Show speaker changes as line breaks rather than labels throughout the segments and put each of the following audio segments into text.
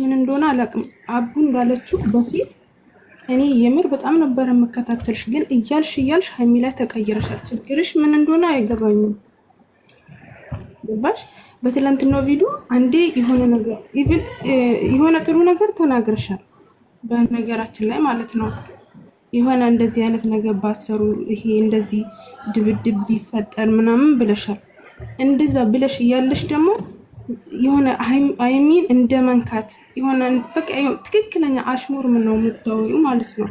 ምን እንደሆነ አላቅም አቡ እንዳለችው በፊት እኔ የምር በጣም ነበር የምከታተልሽ፣ ግን እያልሽ እያልሽ ሀይሚ ላይ ተቀይረሻል። ችግርሽ ምን እንደሆነ አይገባኝም። ገባሽ? በትላንትናው ቪዲዮ አንዴ የሆነ ነገር ኢቭን የሆነ ጥሩ ነገር ተናግረሻል። በነገራችን ላይ ማለት ነው የሆነ እንደዚህ አይነት ነገር ባሰሩ ይሄ እንደዚህ ድብድብ ቢፈጠር ምናምን ብለሻል። እንደዛ ብለሽ እያለሽ ደግሞ የሆነ አይሚን እንደ መንካት የሆነ በቃ ትክክለኛ አሽሙር ምነው የምታወዩ ማለት ነው።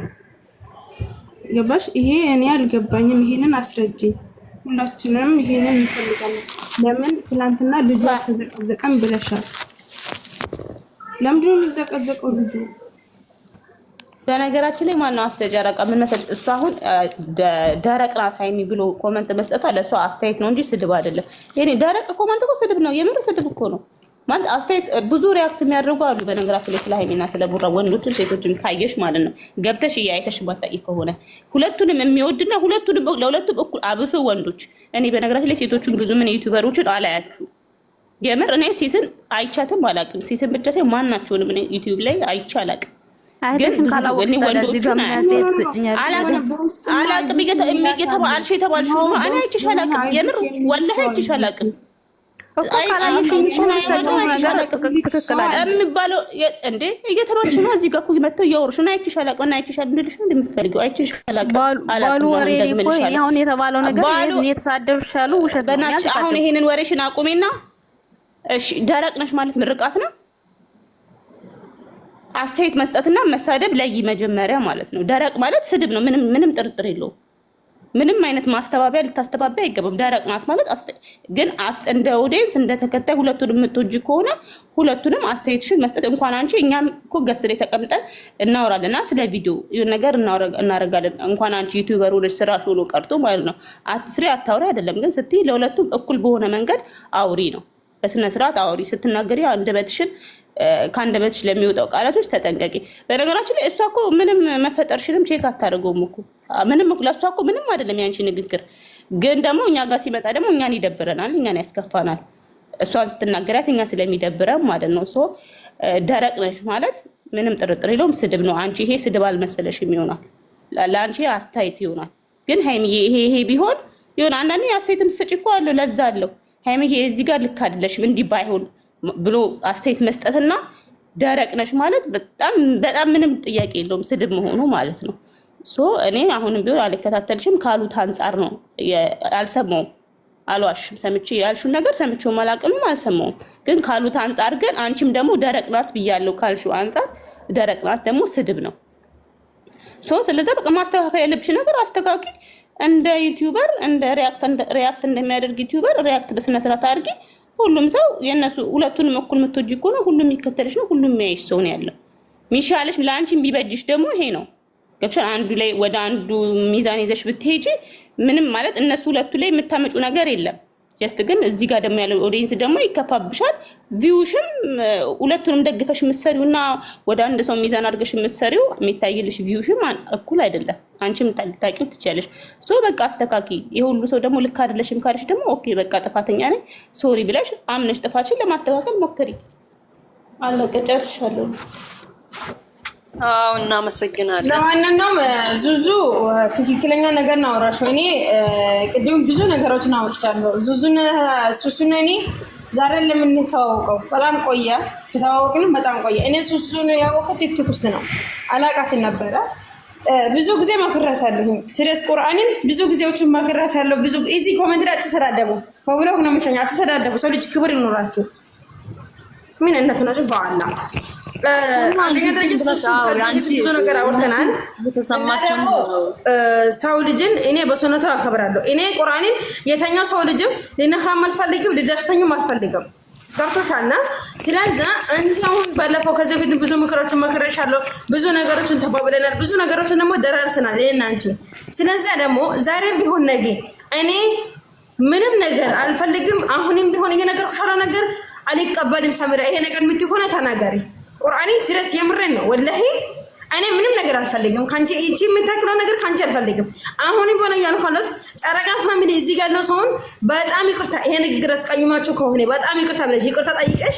ገባሽ? ይሄ እኔ አልገባኝም። ይሄንን አስረጅኝ። ሁላችንም ይሄንን እንፈልጋለን። ለምን ትላንትና ልጁ ተዘቀዘቀም ብለሻል። ለምንድነው የሚዘቀዘቀው ልጁ?
በነገራችን ላይ ማነው አስተጨረቀ? ምን መሰለሽ፣ እሷ አሁን ደረቅ ናት ሀይሚ ብሎ ኮመንት መስጠቷ ለእሷ አስተያየት ነው እንጂ ስድብ አይደለም። ይሄኔ ደረቅ ኮመንት እኮ ስድብ ነው። የምር ስድብ እኮ ነው። ማለት አስተያየት ብዙ ሪያክት የሚያደርጉ አሉ። በነገራችን ላይ ስለ ሀይሚና ስለ ቡራ ወንዶችን ሴቶችን ካየሽ ማለት ነው ገብተሽ እያየተሽ ባታይ ከሆነ ሁለቱንም የሚወድና ሁለቱንም ለሁለቱም እኩል አብሶ ወንዶች። እኔ በነገራችን ላይ ሴቶቹን ብዙ ምን ዩቱበሮችን አላያችሁ የምር እኔ ሲስን አይቻትም አላቅም። ሲስን ብቻ ሳይ ማናቸውንም ዩቲዩብ ላይ አይቼ አላቅም። ግን ብዙ ወንዶቹን አላቅም። እየተባልሽ የተባልሽ ሆኖ እኔ አይቼሽ አላቅም። የምር ወላሂ አይቼሽ አላቅም። የሚባለው እንዴ እየተባልሽ ነው። እዚህ ጋር እኮ መጥተው እያወሩሽ ነው። አይቼሽ አላውቅም እና አይቼሽ እንድልሽ ነው እንደምትፈልጊው አይቼሽ አላውቅም የተባለው ነገር የተሳደብሽ አሉ ውሸት። በእናትሽ አሁን ይሄንን ወሬሽን አቁሜና እሺ፣ ደረቅ ነሽ ማለት ምርቃት ነው። አስተያየት መስጠትና መሳደብ ለይ መጀመሪያ ማለት ነው። ደረቅ ማለት ስድብ ነው። ምንም ምንም ጥርጥር የለውም። ምንም አይነት ማስተባበያ ልታስተባበያ አይገባም። ደረቅ ናት ማለት ግን እንደ ኦዲየንስ እንደ ተከታይ ሁለቱን የምትወጂ ከሆነ ሁለቱንም አስተያየትሽን መስጠት እንኳን አንቺ እኛም እኮ ገስ ላይ ተቀምጠን እናወራለን እና ስለ ቪዲዮ ነገር እናረጋለን። እንኳን አንቺ ዩቲዩበር ሆነሽ ስራሽ ሆኖ ቀርቶ ማለት ነው። አትስሪ አታውሪ አይደለም ግን ስትይ ለሁለቱም እኩል በሆነ መንገድ አውሪ ነው። በስነስርዓት አውሪ ስትናገሪ አንደበትሽን ከአንደበትሽ ለሚወጣው ቃላቶች ተጠንቀቂ። በነገራችን ላይ እሷ እኮ ምንም መፈጠርሽንም ቼክ አታደርገውም እኮ ምንም ለእሷ እኮ ምንም አይደለም ያንቺ ንግግር። ግን ደግሞ እኛ ጋር ሲመጣ ደግሞ እኛን ይደብረናል፣ እኛን ያስከፋናል። እሷን ስትናገሪያት እኛ ስለሚደብረን ማለት ነው። ደረቅ ነሽ ማለት ምንም ጥርጥር የለውም ስድብ ነው። አንቺ ይሄ ስድብ አልመሰለሽም ይሆናል፣ ለአንቺ አስተያየት ይሆናል። ግን ሀይሚዬ ይሄ ይሄ ቢሆን ይሆን አንዳንዴ አስተያየትም ስጭ እኮ አለው ለዛ አለው ሀይምዬ እዚህ ጋር ልክ አይደለሽም እንዲህ ባይሆን ብሎ አስተያየት መስጠትና ደረቅ ነች ማለት በጣም በጣም ምንም ጥያቄ የለውም ስድብ መሆኑ ማለት ነው። ሶ እኔ አሁንም ቢሆን አልከታተልሽም ካሉት አንጻር ነው። አልሰማውም፣ አልዋሽም። ሰምቼ ያልሹን ነገር ሰምቼውም አላቅምም፣ አልሰማውም። ግን ካሉት አንጻር ግን አንቺም ደግሞ ደረቅ ናት ብያለሁ ካልሹ አንጻር ደረቅ ናት ደግሞ ስድብ ነው። ሶ ስለዛ በቃ ማስተካከል ያለብሽ ነገር አስተካኪ። እንደ ዩቲዩበር እንደ ሪያክት እንደሚያደርግ ዩቲዩበር ሪያክት በስነስርዓት አድርጌ ሁሉም ሰው የነሱ ሁለቱንም እኩል የምትወጂ እኮ ነው። ሁሉም የሚከተልሽ ነው። ሁሉም የሚያይሽ ሰው ነው ያለው። ሚሻለሽ ለአንቺ ቢበጅሽ ደግሞ ይሄ ነው። ገብሻል? አንዱ ላይ ወደ አንዱ ሚዛን ይዘሽ ብትሄጂ ምንም ማለት እነሱ ሁለቱ ላይ የምታመጩ ነገር የለም። ጀስት ግን እዚህ ጋር ደግሞ ያለው ኦዲየንስ ደግሞ ይከፋብሻል። ቪውሽም ሁለቱንም ደግፈሽ የምትሰሪው እና ወደ አንድ ሰው ሚዛን አድርገሽ የምትሰሪው የሚታይልሽ ቪውሽም እኩል አይደለም። አንቺም ልታቂው ትችያለሽ። ሶ በቃ አስተካኪ። የሁሉ ሰው ደግሞ ልክ አይደለሽም ካለሽ ደግሞ ኦኬ በቃ ጥፋተኛ ነኝ ሶሪ ብለሽ አምነሽ ጥፋችን ለማስተካከል ሞክሪ። አለቀ። ጨርሻለሁ። አዎ እናመሰግናለን። ለማንኛውም ዙዙ ትክክለኛ ነገር ነው አወራሽው። እኔ ቅድም ብዙ ነገሮችን አውርቻለሁ። ዙዙን ሱሱን እኔ ዛሬ ለምንተዋወቀው በጣም ቆየ፣ ከተዋወቅንም በጣም ቆየ። እኔ ሱሱን ያወቁት ቲክቶክ ውስጥ ነው፣ አላቃትን ነበረ። ብዙ ጊዜ መክራት አለሁ ስሬስ ቁርአንን ብዙ ጊዜዎችን መክራት ያለው ብዙ እዚህ ኮመንት ላይ አትሰዳደቡ፣ በብሎክ ነው ምሸኛ፣ አትሰዳደቡ። ሰው ልጅ ክብር ይኖራችሁ። ምን እነት ናቸው በአላ አንደኛ ደረጃ ብዙ ነገር አውርተናል። ሰው ልጅን እኔ በሱነቱ አከብራለሁ። እኔ ቁርአንን የተኛው ሰው ልጅም ሊነካም አልፈልግም፣ ሊደርሰኝም አልፈልግም። ገብቶሻልና ስለዛ አንቺ አሁን ባለፈው ከዚህ በፊት ብዙ ምክሮችን መክረሻለሁ። ብዙ ነገሮችን ተባብለናል። ብዙ ነገሮችን ደግሞ ደራርሰናል እኔና አንቺ። ስለዛ ደግሞ ዛሬ ቢሆን ነገ እኔ ምንም ነገር አልፈልግም። አሁንም ቢሆን እየነገርኩሽ ነገር አልቀበልም። ሰምራ ይሄ ነገር የምትሆነ ተናገሪ ቁርአኔን ሲረስ የምረን ነው ወላሂ እኔ ምንም ነገር አልፈልግም። ከአንቺ እቺ የምታክለው ነገር ከአንቺ አልፈልግም። አሁን ሆነ ያልኳለት ጨረቃ ፋሚሊ እዚህ ጋር ያለው ሰውን በጣም ይቅርታ፣ ይሄ ንግግር አስቀይማችሁ ከሆነ በጣም ይቅርታ ብለሽ ይቅርታ ጠይቀሽ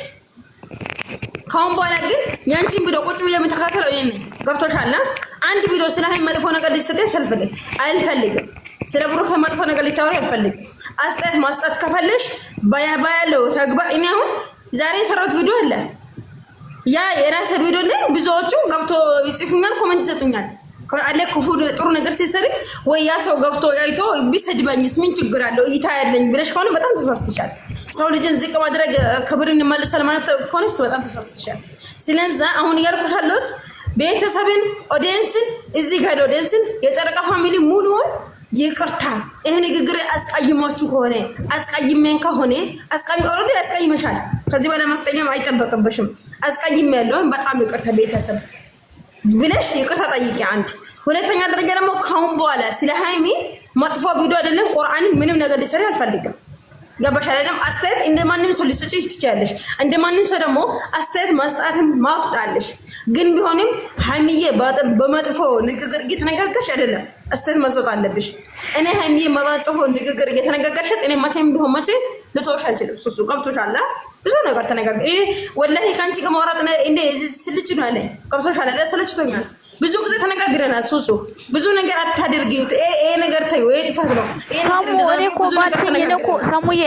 ከአሁን በኋላ ግን ያንቺን ቪዲዮ ቁጭ ብዬ የምተካተለው እኔ ነኝ። ገብቶሻል? አንድ ቪዲዮ ስለ ሀይ መጥፎ ነገር ሊሰጠሽ አልፈልግም። ስለ ብሩ ከመጥፎ ነገር ሊታወሪ አልፈልግም። አስጠት ማስጠት ከፈለሽ ባያለው ተግባ እኔ አሁን ዛሬ የሰራሁት ቪዲዮ አለ ያ የራሰ ቪዲዮ ላይ ብዙዎቹ ገብቶ ይጽፉኛል፣ ኮመንት ይሰጡኛል። አለ ክፉ ጥሩ ነገር ሲሰሪ ወይ ያ ሰው ገብቶ አይቶ ቢሰድበኝስ ምን ችግር አለው? እይታ ያለኝ ብለሽ ከሆነ በጣም ተሳስተሻል። ሰው ልጅን ዝቅ ማድረግ ክብርን ይመልሳል ማለት ከሆነ በጣም ተሳስተሻል። ስለዚ አሁን እያልኩሽ ያለሁት ቤተሰብን፣ ኦዲየንስን እዚህ ጋር ኦዲየንስን የጨረቃ ፋሚሊ ሙሉውን ይቅርታ ይሄ ንግግር አስቀይሟችሁ ከሆነ አስቀይሜን ከሆነ አስቀይም ኦልሬዲ አስቀይመሻል። ከዚህ በኋላ ማስቀየም አይጠበቅብሽም። አስቀይም ያለውን በጣም ይቅርታ ቤተሰብ ብለሽ ይቅርታ ጠይቂ። አንድ ሁለተኛ ደረጃ ደግሞ ካሁን በኋላ ስለ ሀይሚ መጥፎ ቪዲዮ አይደለም ቁርአን ምንም ነገር ሊሰራ አልፈልግም። ገባሽ አይደለም? አስተያየት እንደ ማንም ሰው ሊሰጭሽ ትችያለሽ። እንደ ማንም ሰው ደግሞ አስተያየት ማስጣትም ማፍጣለሽ። ግን ቢሆንም ሀይሚዬ በመጥፎ ንግግር እየተነጋገርሽ አይደለም፣ አስተያየት መስጠት አለብሽ። እኔ ሀይሚዬ በመጥፎ ንግግር እየተነጋገርሽ እኔ መቼም ቢሆን መቼ ልጦሽ አልችልም። ሱሱ ገብቶሻል። ብዙ ነገር ተነጋገ ወላ ወላሂ ከአንቺ ከማውራት እንደ ስልች ነው ያለኝ። ገብቶሻል። ሰልችቶኛል። ብዙ ጊዜ ተነጋግረናል። ሱሱ ብዙ ነገር አታድርጊ፣ ይሄ ነገር ተይው፣ ወይ ጥፋት ነው። ሰሙዬ፣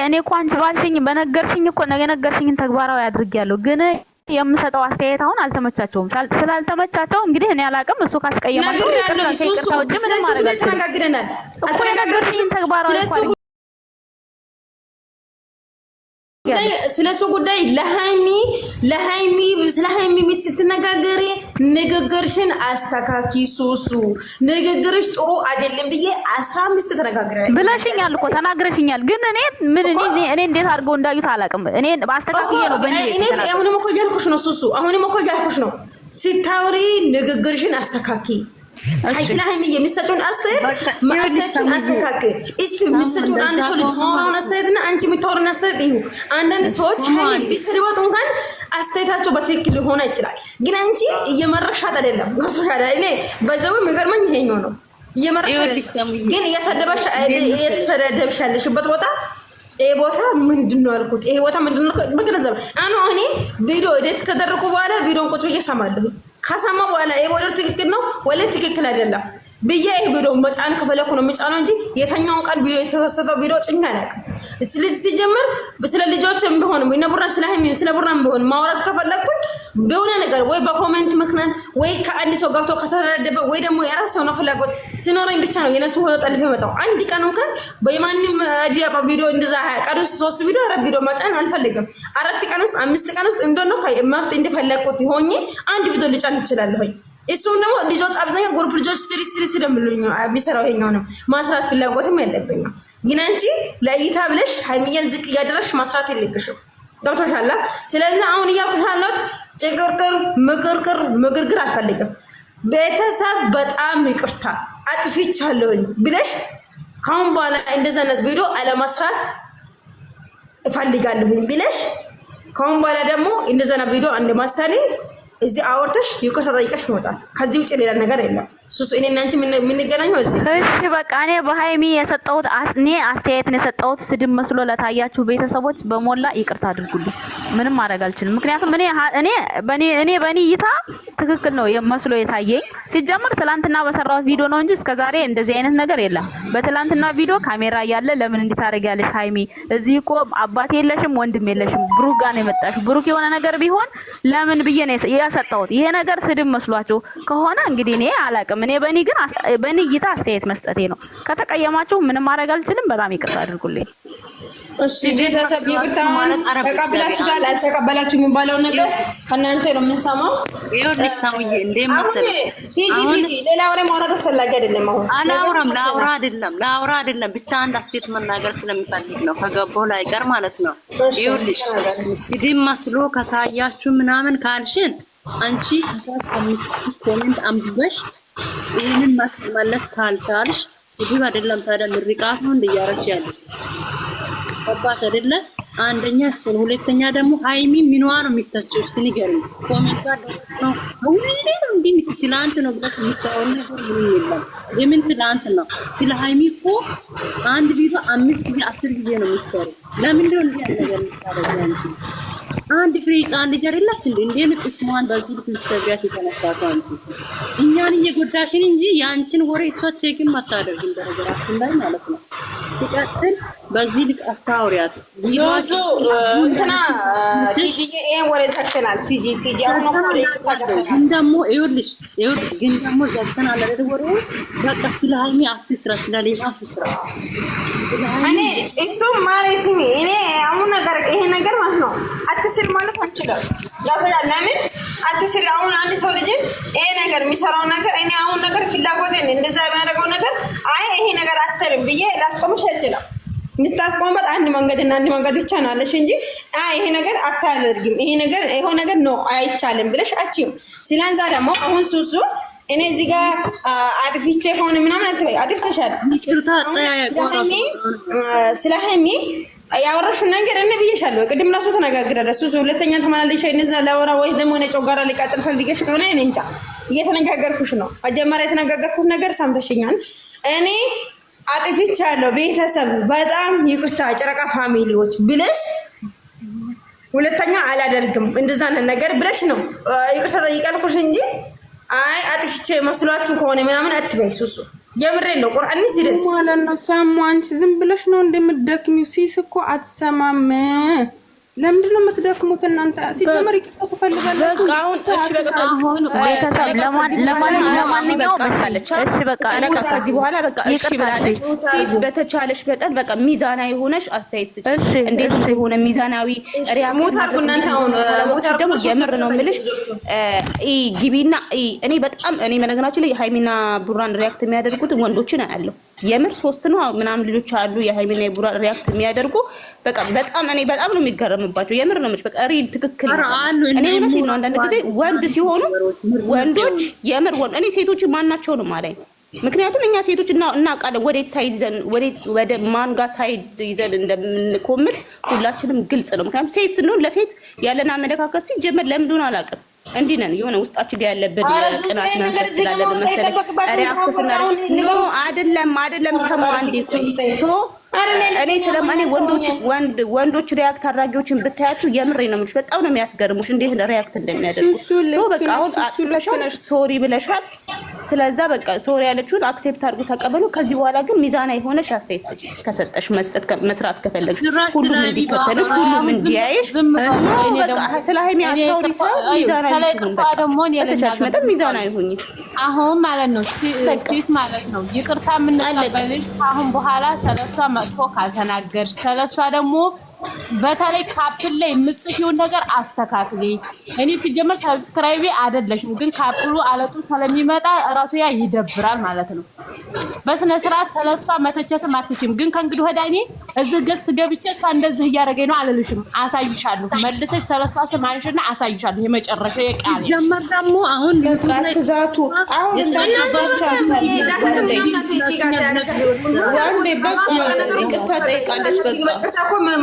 እኔ እኮ አንቺ ባልሽኝ በነገርሽኝ እኮ የነገርሽኝን ተግባራዊ አድርጊያለሁ ግን የምሰጠው አስተያየት አሁን አልተመቻቸውም። ስላልተመቻቸው እንግዲህ እኔ አላውቅም። እሱ ካስቀየማቸው ተነጋግረናል። አልተነጋገርሽም ተግባራዊ ስለ እሱ ጉዳይ ለሃይሚ ለሃይሚ ስለ ሃይሚ ስትነጋገሪ ንግግርሽን አስተካኪ። ሱሱ ንግግርሽ ጥሩ አይደለም ብዬ አስራ አምስት ተነጋግረን ብለሽኛል እኮ ተናግረሽኛል። ግን እኔ ምን እኔ እንዴት አድርገው እንዳዩት አላውቅም። እኔ አስተካክዬ ነው በእኔ አሁንም እኮ እያልኩሽ ነው ሱሱ፣ አሁንም እኮ እያልኩሽ ነው። ስታውሪ ንግግርሽን አስተካኪ ስለ ሀይሚ የሚሰጡን አስተያየት አስተያየትን አስተካክል እስቲ። የሚሰጡን አንድ ሰው ልጅ ማውራውን አስተያየትና አንቺ የምታወራውን አስተያየት ይሁ። አንዳንድ ሰዎች ሀይሚ ቢሰድባት እንኳን አስተያየታቸው በትክክል ሊሆን ይችላል፣ ግን አንቺ እየመረሻት አይደለም። ገብቶሻል? እኔ በዛው የሚገርመኝ ይሄኛው ነው። እየመረሻት ግን እያሰደበሽ ያለሽበት ቦታ ይሄ ቦታ ምንድን ነው ያልኩት? ይሄ ቦታ ምንድን ነው በገነዘብ አሁን እኔ ቪዲዮ ኤዲት ከደረኩ በኋላ ቪዲዮን ቁጭ ብዬ እሰማለሁ ከሰማ በኋላ ይህ ትክክል ነው ወለ ትክክል አይደለም ብዬ ይህ ቢሮ መጫን ከፈለኩ ነው የሚጫነው እንጂ የተኛውን ቃል ቢሮ የተሰጠው ቢሮ ጭኛ አላውቅም። ስለዚህ ሲጀምር ስለ ልጆች ቢሆን እነ ቡራን ስለ ሀይሚ ስለ ቡራን ቢሆን ማውራት ከፈለግኩኝ በሆነ ነገር ወይ በኮሜንት ምክንያት ወይ ከአንድ ሰው ገብቶ ከተደደበ ወይ ደግሞ የራስ ሰው ነው ፍላጎት ሲኖረኝ ብቻ ነው የነሱ ሆነ ጠልፍ መጣው አንድ ቀን እንኳን በማንም ዲያ ቪዲዮ እንደዛ ቀን ውስጥ ሶስት ቪዲዮ አረ ቪዲዮ መጫን አልፈልግም። አራት ቀን ውስጥ አምስት ቀን ውስጥ እንደሆነ መፍት እንደፈለግኩት ሆኜ አንድ ቪዲዮ ልጫን ይችላለሁኝ። እሱም ደግሞ ልጆች አብዛኛ ግሩፕ ልጆች ስሪ ስሪ ስለምሉኝ የሚሰራው ይሄኛው ነው። ማስራት ፍላጎትም የለብኝም፣ ግን አንቺ ለእይታ ብለሽ ሀይሚዬን ዝቅ እያደረሽ ማስራት የለብሽም። ገብቶሻል። ስለዚህ አሁን እያልኩሽ ጭቅርቅር ምቅርቅር ምግርግር አልፈልግም። ቤተሰብ በጣም ይቅርታ አጥፍቻለሁኝ ብለሽ ካሁን በኋላ እንደዛ አይነት ቪዲዮ አለመስራት እፈልጋለሁኝ ብለሽ ካሁን በኋላ ደግሞ እንደዛ አይነት ቪዲዮ አንድ ማሳሌ እዚህ አወርተሽ ይቅርታ ጠይቀሽ መውጣት ከዚህ ውጭ ሌላ ነገር የለም። ሱሱ እኔ እናንቺ የምንገናኘው እዚህ። እሺ በቃ እኔ በሀይሚ የሰጠሁት እኔ አስተያየትን የሰጠሁት ስድብ መስሎ ለታያችሁ ቤተሰቦች በሞላ ይቅርታ አድርጉልኝ። ምንም ማድረግ አልችልም። ምክንያቱም እኔ እኔ በኔ እኔ በኔ እይታ ትክክል ነው መስሎ የታየኝ። ሲጀምር ትላንትና በሰራሁት ቪዲዮ ነው እንጂ እስከዛሬ እንደዚህ አይነት ነገር የለም። በትላንትና ቪዲዮ ካሜራ እያለ ለምን እንዲህ ታደርጊያለሽ ሀይሚ? እዚህ እኮ አባት የለሽም ወንድም የለሽም፣ ብሩክ ጋር ነው የመጣሽ። ብሩክ የሆነ ነገር ቢሆን ለምን ብዬ ነው ያሰጠሁት። ይሄ ነገር ስድብ መስሏቸው ከሆነ እንግዲህ እኔ አላቅም። እኔ በኔ ግን በኔ እይታ አስተያየት መስጠቴ ነው። ከተቀየማችሁ ምንም ማድረግ አልችልም። በጣም ይቅርታ አድርጉልኝ። ቤተሰብ ይቅርታውን ተቀብላችሁታል አልተቀበላችሁ የሚባለው ነገር ከእናንተ ነው የምንሰማው። ሌላ ወሬ ማውራት አስፈላጊ አይደለም። አሁን አላውራም፣ ለአውራ አይደለም፣ ለአውራ አይደለም። ብቻ አንድ አስቴት መናገር ስለሚፈልግ ነው ከገባው ላይ ቀር ማለት ነው። ይኸውልሽ ስድብ መስሎ ከታያችሁ ምናምን ካልሽን አንቺ ኮሜንት አንብበሽ ይህንን መለስ ካልቻልሽ ስድብ አይደለም። ታዲያ ምርቃት ነው እንዲያረች ያለች አባት አይደለ? አንደኛ እሱ ነው። ሁለተኛ ደግሞ ሃይሚ ምንዋ ነው የሚታቸው? እስቲ ንገሪኝ። ኮሜንት ነው ነው ትላንት ነው ብለሽ ነገር ምንም የለም። የምን ትላንት ነው? ስለ ሃይሚ እኮ አንድ ቪዲዮ አምስት ጊዜ አስር ጊዜ ነው የሚሰሩ። ለምን ነው እንዲህ ነገር የሚታረጋል አንድ ፍሬ ህፃን ልጅ አይደለች እንዴ? እንዴ እስሟን በዚህ ልክ ልትሰብሪያት የተነሳት አንቺ እኛን እየጎዳሽን እንጂ የአንቺን ወሬ እሷ ቼክም አታደርግም። በነገራችን ላይ ማለት ነው። ሲቀጥል በዚህ ልክ አታውሪያት። ዮዙ እንትና ቲጂዬ ይሄን ወሬ ዘግተናል። ቲጂ ቲጂ አሁን ወሬ ታገፈናል። ግን ደግሞ ይኸውልሽ ይኸውልሽ ግን ደግሞ ዘግተናል አይደል? ወሬ በቃ ስለ ሀይሚ አትስራ፣ ስለ አትስራ እኔ እሱ ማሬ ስሚ፣ እኔ አሁን ነገር ይሄ ነገር ማለት ነው አትስል ማለት አልችልም። ያፈላል ለምን አትስል? አሁን አንድ ሰው ልጅ ይሄ ነገር የሚሰራው ነገር እኔ አሁን ነገር ፍላጎት እንደዛ የሚያደርገው ነገር አይ ይሄ ነገር አትሰርም ብዬ ላስቆምሽ አልችልም። ምስታስቆምበት አንድ መንገድ እና አንድ መንገድ ብቻ ነው አለሽ እንጂ አይ ይሄ ነገር አታደርግም፣ ይሄ ነገር ይሄ ነገር ነው አይቻልም ብለሽ አቺም ስለንዛ ደግሞ አሁን ሱሱ እኔ እዚህ ጋር አጥፊቼ ከሆነ ምናምን አትበይ። አጥፍተሻል። ስለ ሀይሚ ያወራሽውን ነገር እኔ ብዬሻለሁ። ቅድም ራሱ ተነጋግረን እሱ ሁለተኛ ተመላለሻ እነዛ ለወራ ወይስ ደግሞ ነጮ ጮጋራ ሊቃጥል ፈልገሽ ከሆነ እኔ እንጃ። እየተነጋገርኩሽ ነው። መጀመሪያ የተነጋገርኩት ነገር ሰምተሽኛል። እኔ አጥፍቻለሁ፣ ቤተሰብ በጣም ይቅርታ፣ ጨረቃ ፋሚሊዎች ብለሽ ሁለተኛ አላደርግም እንደዛ ነገር ብለሽ ነው ይቅርታ ጠይቀልኩሽ እንጂ አይ አጥፍቼ መስሏችሁ ከሆነ ምናምን አትበይ ሱሱ። የምሬ ነው። ቁርአን ሲደስ ማለት ነው። ሳሙ ዝም ብለሽ ነው እንደምትደክሚው። ሲስ እኮ አትሰማም። ለምንድን ነው የምትደክሙት እናንተ? ሲጀመር ይቅርታ ትፈልጋለች። በቃ አሁን በቃ በተቻለሽ መጠን በቃ ሚዛና የሆነሽ አስተያየት ስጪ። እንዴት የሆነ ሚዛናዊ ሪያክት ደግሞ የምር ነው የምልሽ፣ ግቢና እኔ በጣም እኔ መነግናችን ላይ ሃይሚና ቡራን ሪያክት የሚያደርጉት ወንዶችን አያለሁ የምር ሶስት ነው ምናምን ልጆች አሉ የሃይሚና የቡራ ሪያክት የሚያደርጉ በቃ በጣም እኔ በጣም ነው የሚገረምባቸው። የምር ነው በቃ ሪል ትክክል እኔ እውነት ነው። አንዳንድ ጊዜ ወንድ ሲሆኑ ወንዶች የምር ወንድ እኔ ሴቶች ማናቸው ነው ማለኝ ምክንያቱም እኛ ሴቶች እናውቃለን ወዴት ሳይድ ይዘን ወደ ማንጋ ሳይድ ይዘን እንደምንኮምል ሁላችንም ግልጽ ነው። ምክንያቱም ሴት ስንሆን ለሴት ያለን አመለካከት ሲጀመር ለምንድን አላውቅም እንዲህ ነን የሆነ ውስጣችን ጋር ያለብን ቅናት መንፈስ ስላለን መሰለኝ ሪያክት ስናደርግ ኖ አይደለም አይደለም ሰማ አንዴ ሾ እኔ ስለም እኔ ወንዶች ወንድ ወንዶች ሪያክት አድራጊዎችን ብታያቸው የምሬ ነው የምልሽ፣ በጣም ነው የሚያስገርሙሽ እንዴት ሪያክት እንደሚያደርጉ። ሶ በቃ አሁን አጥተሻል፣ ሶሪ ብለሻል። ስለዛ በቃ ሶሪ ያለችውን አክሴፕት አድርጉ፣ ተቀበሉ። ከዚህ በኋላ ግን ሚዛና የሆነሽ አስተያየት ስጪ። ከሰጠሽ መስጠት መስራት ከፈለግሽ ሁሉም እንዲከተልሽ ሁሉም እንዲያይሽ በቃ ስለ ሀይሚ አታውሪ ሰው ሚዛና ይሁን። በቃ በተቻለሽ መጠን ሚዛና ይሁኝ። አሁን ማለት ነው ሴት ማለት ነው ይቅርታ የምንቀበልሽ አሁን በኋላ ሰለሷ መጥፎ ካልተናገርሽ ስለሷ ደግሞ በተለይ ካፕል ላይ የምጽፊውን ነገር አስተካክሌ እኔ ሲጀመር ሰብስክራይቤ አይደለሽም፣ ግን ካፕሉ አለጡ ስለሚመጣ እራሱ ያ ይደብራል ማለት ነው። በስነ ስርዓት ስለሷ መተቸትም አትችም። ግን ከእንግዲህ ወዲያ እኔ እዚህ ገስት ገብቼ እሷ እንደዚህ እያደረገኝ ነው አልልሽም፣ አሳይሻለሁ። መልሰሽ ስለሷ ስም አንሽና አሳይሻለሁ። የመጨረሻ የቃል ጀመር ደግሞ አሁን ዛቱ አሁን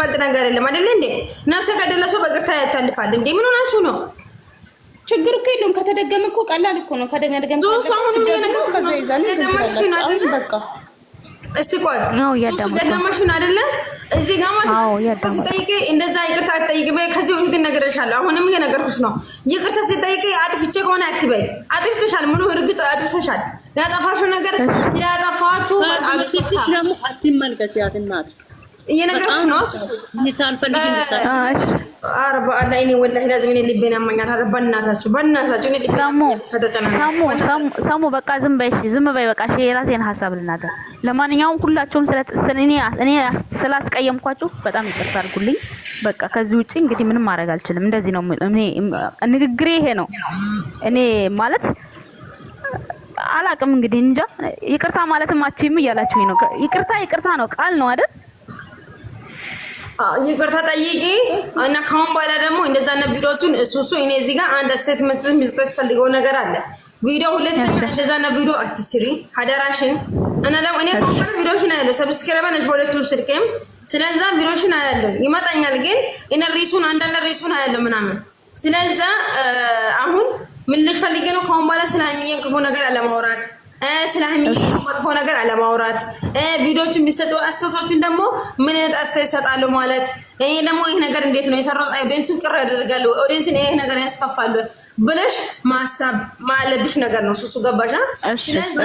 በዛ ነገር የለም አይደለ እንዴ? ነፍሰ ገደለ ሰው በእግር ታልፋል እንዴ? ምን ሆናችሁ ነው? ችግር እኮ የለውም። ከተደገመ እኮ ቀላል እኮ ነው። ከደገመ እስቲ ቆይ ገደማሽን አይደለም እዚህ ጋር ማለት ሲጠይቅ እንደዛ ይቅርታ አትጠይቅ በይ። ከዚህ በፊት እነግርሻለሁ፣ አሁንም እየነገርኩሽ ነው። ይቅርታ ሲጠይቅ አጥፍቼ ከሆነ አትበይ። አጥፍተሻል፣ ሙሉ እርግጥ አጥፍተሻል። ያጠፋሽው ነገር ስለያጠፋችሁ በጣም ይቅርታ እየነገርኩሽ ነው። እሱ ኧረ እኔ ወላሂ ላዝም እኔ ልቤን ያመኛል። ኧረ በእናታችሁ በእናታችሁ እኔ ሰሙ በቃ ዝም በይ ዝም በይ በቃ እሺ፣ የራሴን ሀሳብ ልናገር። ለማንኛውም ሁላችሁም እኔ ስላስቀየምኳችሁ በጣም ይቅርታ አድርጉልኝ። በቃ ከዚህ ውጪ እንግዲህ ምንም ማድረግ አልችልም። እንደዚህ ነው ንግግሬ ይሄ ነው። እኔ ማለት አላቅም እንግዲህ እንጃ። ይቅርታ ማለትም አችም እያላችሁኝ ነው። ይቅርታ ይቅርታ ነው ቃል ነው አይደል ይቅርታ ጠይቂ እና ካሁን በኋላ ደግሞ እንደዛ ነው ቪዲዮቹን እሱ እሱ እኔ እዚህ ጋር አንድ አስተያየት መስጠት መስጠት ፈልገው ነገር አለ። ቪዲዮ ሁለተኛ እንደዛ ነው ቪዲዮ አትስሪ ሀደራሽን እና ደግሞ እኔ ኮምፓኒ ቪዲዮሽን አያለሁ ሰብስክራይብ ነሽ በሁለቱ ስልክም ስለዛ ቪዲዮሽን አያለሁ ይመጣኛል፣ ግን እኔ ሪሱን አንዳንድ ሪሱን አያለሁ ምናምን ስለዛ አሁን ምን ልፈልግ ነው ካሁን በኋላ ስለ ሃይሚዬን ክፉ ነገር አለማውራት ስለ ሀይሚ መጥፎ ነገር አለማውራት፣ ቪዲዮቹ የሚሰጡ አስተያየቶችን ደግሞ ምን አይነት አስተያየት ይሰጣሉ ማለት ይሄ ደግሞ ይሄ ነገር እንዴት ነው የሰራው? ኦዲንስን ቅር ያደርጋሉ፣ ኦዲንስን ይሄ ነገር ያስከፋሉ ብለሽ ማሳብ ማለብሽ ነገር ነው። ሱሱ ገባሻ? ስለዚህ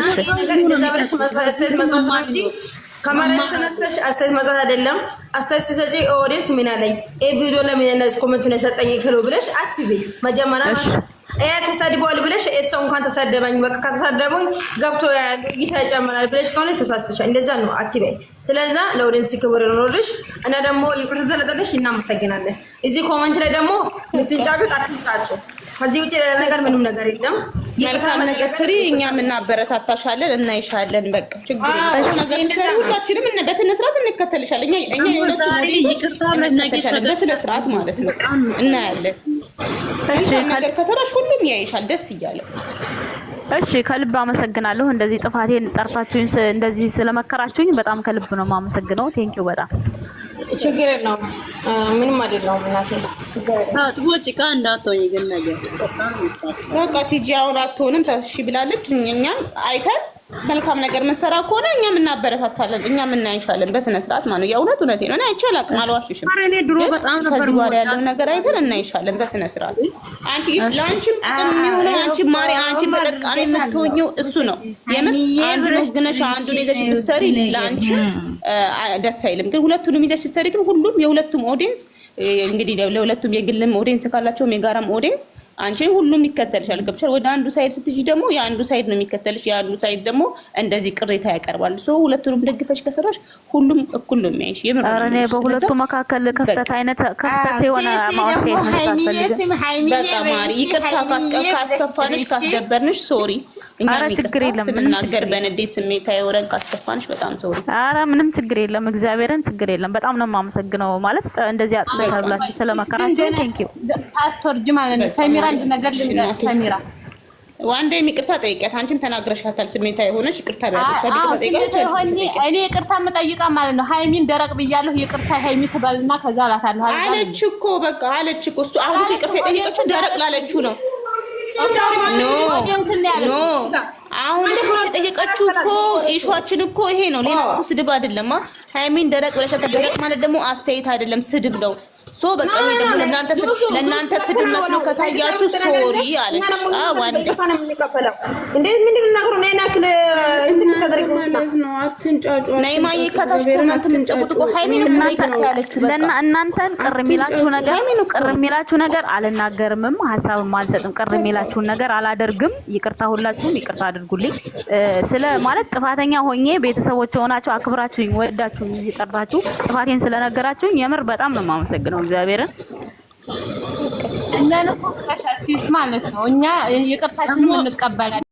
ተነስተሽ አስተያየት መስጠት አይደለም። አስተያየት ሲሰጪ ኦዲንስ ምን አለኝ፣ ይሄ ቪዲዮ ለምን ኮሜንቱን የሰጠኝ ክሎ ብለሽ አስቢ መጀመሪያ ተሰድቧል ብለሽ እሰው እንኳን ተሰደበኝ በቃ ከተሰደቡኝ ገብቶ ያሉ እይታ ይጨምራል ብለሽ ከሆነ ተሳስተሻ እንደዛ ነው አትበይ። ስለዛ ለኦዲንስ ክብር ኖርሽ እና ደግሞ ይቅርታ ተለጠለሽ እናመሰግናለን። እዚህ ኮመንት ላይ ደግሞ ምትንጫጩት አትንጫጩ። ከዚህ ውጭ ሌላ ነገር ምንም ነገር የለም። መልካም ነገር ስሪ፣ እኛም እናበረታታሻለን፣ እናይሻለን። በቃ ችግር የለም። ሁላችንም በስነ ስርዓት እንከተልሻለን። እኛ የሁለቱ ሞዴሎች እንከተልሻለን፣ በስነ ስርዓት ማለት ነው። እናያለን ነገር ከሰራሽ ሁሉም ያይሻል ደስ እያለ እሺ ከልብ አመሰግናለሁ። እንደዚህ ጥፋቴን ጠርታችሁኝ እንደዚህ ስለመከራችሁኝ በጣም ከልብ ነው የማመሰግነው። ቴንኪው በጣም ችግር ነው። ምንም አይደለም። እናቴ ታጥቦ ጭቃ እንዳትሆኝ ግን ነገር በቃ ቲጂ አሁን አትሆንም ተሺ ብላለች። እኛም አይተን መልካም ነገር መሰራ ከሆነ እኛ እናበረታታለን፣ እኛ እናይሻለን በስነ ስርዓት ማለት የእውነት እውነት ነው። አይቼ አላውቅም፣ አልዋሽሽም። ከዚህ በኋላ ያለው ነገር አይተን እናይሻለን በስነ ስርዓት። አንቺ ለአንቺም ጥቅም የሚሆነው አንቺ ማሪ አንቺ ተጠቃሚ የምትሆኘው እሱ ነው። የምር አንዱን ወግነሽ አንዱን ይዘሽ ብትሰሪ ለአንቺም ደስ አይልም። ግን ሁለቱንም ይዘሽ ብትሰሪ ግን ሁሉም የሁለቱም ኦዲየንስ እንግዲህ ለሁለቱም የግልም ኦዲየንስ ካላቸውም የጋራም ኦዲየንስ አንቺ ሁሉም ይከተልሻል። ገብቻል። ወደ አንዱ ሳይድ ስትጂ ደግሞ የአንዱ ሳይድ ነው የሚከተልሽ፣ የአንዱ ሳይድ ደግሞ እንደዚህ ቅሬታ ያቀርባል። ሶ ሁለቱንም ደግፈሽ ከሰራሽ ሁሉም እኩል ነው የሚያይሽ። የምር በሁለቱ መካከል ክፍተት አይነት ክፍተት የሆነ ማውራት ይቅርታ ካስከፋንሽ ካስደበርንሽ ሶሪ እኛም ይቅርታ ስንናገር በንዴት ስሜት አይወረን ካስከፋንሽ በጣም ተወሪ። ኧረ ምንም ችግር የለም፣ እግዚአብሔርን ችግር የለም። በጣም ነው የማመሰግነው ማለት እንደዚህ አጥፍተሻል ብላችሁ ስለመከራችሁ ቴንክ ዩ። አትወርጅ ማለት ነው ሰሚራ። አንድ ነገር ሰሚራ ዋንዴ ይቅርታ ጠይቂያት። አንቺም ተናግረሻታል። ስሜታ የሆነች ይቅርታ እኔ ይቅርታ የምጠይቃ ማለት ነው። ሀይሚን ደረቅ ብያለሁ ይቅርታ ሀይሚ ትበልና ከዛ እላታለሁ አለች እኮ በቃ አለች እኮ እሱ አሁን ይቅርታ የጠየቀችው ደረቅ ላለችው ነው አሁን ጠየቀችው እኮ ኢሹዋችን እኮ ይሄ ነው። ሌላ ስድብ አይደለም። ሃይሚን ደረቅ ብለሻታል። ደረቅ ማለት ደግሞ አስተያየት አይደለም፣ ስድብ ነው። ሶ በቃ ወይ ደግሞ ለእናንተ ለእናንተ ስድብ መስሎ ከታያችሁ ሶሪ አለች። አዎ አንዴ እንዴት ነው እንትን ነው ኮመንት ያለችው። ቅር የሚላችሁ ነገር ሃይሚ ነው ቅር የሚላችሁ ነገር አልናገርምም፣ ሀሳብም አልሰጥም። ቅር የሚላችሁን ነገር አላደርግም። ይቅርታ፣ ሁላችሁም ይቅርታ አድርጉልኝ። ስለ ማለት ጥፋተኛ ሆኜ ቤተሰቦች ሆናችሁ አክብራችሁኝ ወዳችሁኝ እየጠራችሁ ጥፋቴን ስለነገራችሁኝ የምር በጣም ነው የማመሰግነው። ነው እግዚአብሔርን እኛን እኮ ማለት ነው እኛ ይቅርታችንን እንቀበላለን።